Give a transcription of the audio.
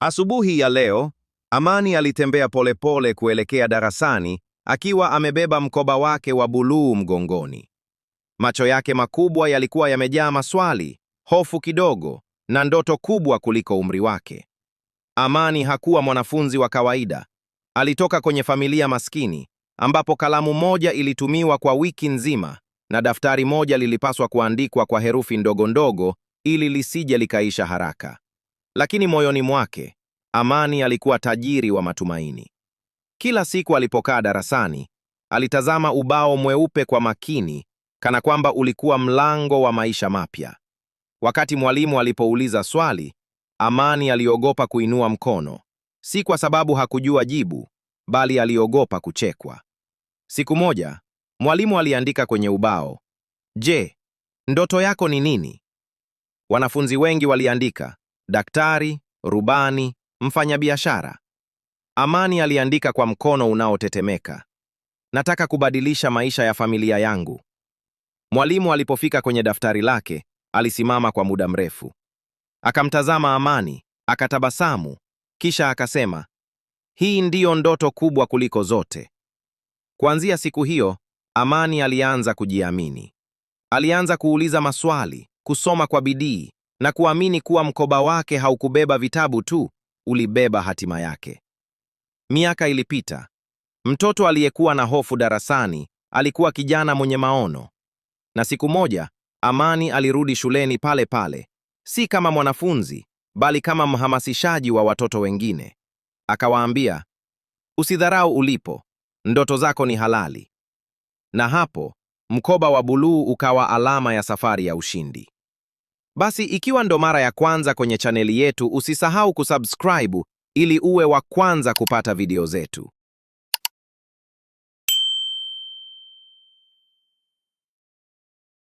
Asubuhi ya leo, Amani alitembea polepole kuelekea darasani akiwa amebeba mkoba wake wa buluu mgongoni. Macho yake makubwa yalikuwa yamejaa maswali, hofu kidogo na ndoto kubwa kuliko umri wake. Amani hakuwa mwanafunzi wa kawaida. Alitoka kwenye familia maskini ambapo kalamu moja ilitumiwa kwa wiki nzima na daftari moja lilipaswa kuandikwa kwa herufi ndogo ndogo ili lisije likaisha haraka lakini moyoni mwake Amani alikuwa tajiri wa matumaini. Kila siku alipokaa darasani, alitazama ubao mweupe kwa makini, kana kwamba ulikuwa mlango wa maisha mapya. Wakati mwalimu alipouliza swali, Amani aliogopa kuinua mkono, si kwa sababu hakujua jibu, bali aliogopa kuchekwa. Siku moja, mwalimu aliandika kwenye ubao, "Je, ndoto yako ni nini?" Wanafunzi wengi waliandika, daktari, rubani, mfanyabiashara. Amani aliandika kwa mkono unaotetemeka. Nataka kubadilisha maisha ya familia yangu. Mwalimu alipofika kwenye daftari lake, alisimama kwa muda mrefu. Akamtazama Amani, akatabasamu, kisha akasema, "Hii ndiyo ndoto kubwa kuliko zote." Kuanzia siku hiyo, Amani alianza kujiamini. Alianza kuuliza maswali, kusoma kwa bidii na kuamini kuwa mkoba wake haukubeba vitabu tu, ulibeba hatima yake. Miaka ilipita. Mtoto aliyekuwa na hofu darasani alikuwa kijana mwenye maono. Na siku moja, Amani alirudi shuleni pale pale, si kama mwanafunzi, bali kama mhamasishaji wa watoto wengine. Akawaambia, usidharau ulipo, ndoto zako ni halali. Na hapo, mkoba wa buluu ukawa alama ya safari ya ushindi. Basi ikiwa ndo mara ya kwanza kwenye chaneli yetu, usisahau kusubscribe ili uwe wa kwanza kupata video zetu.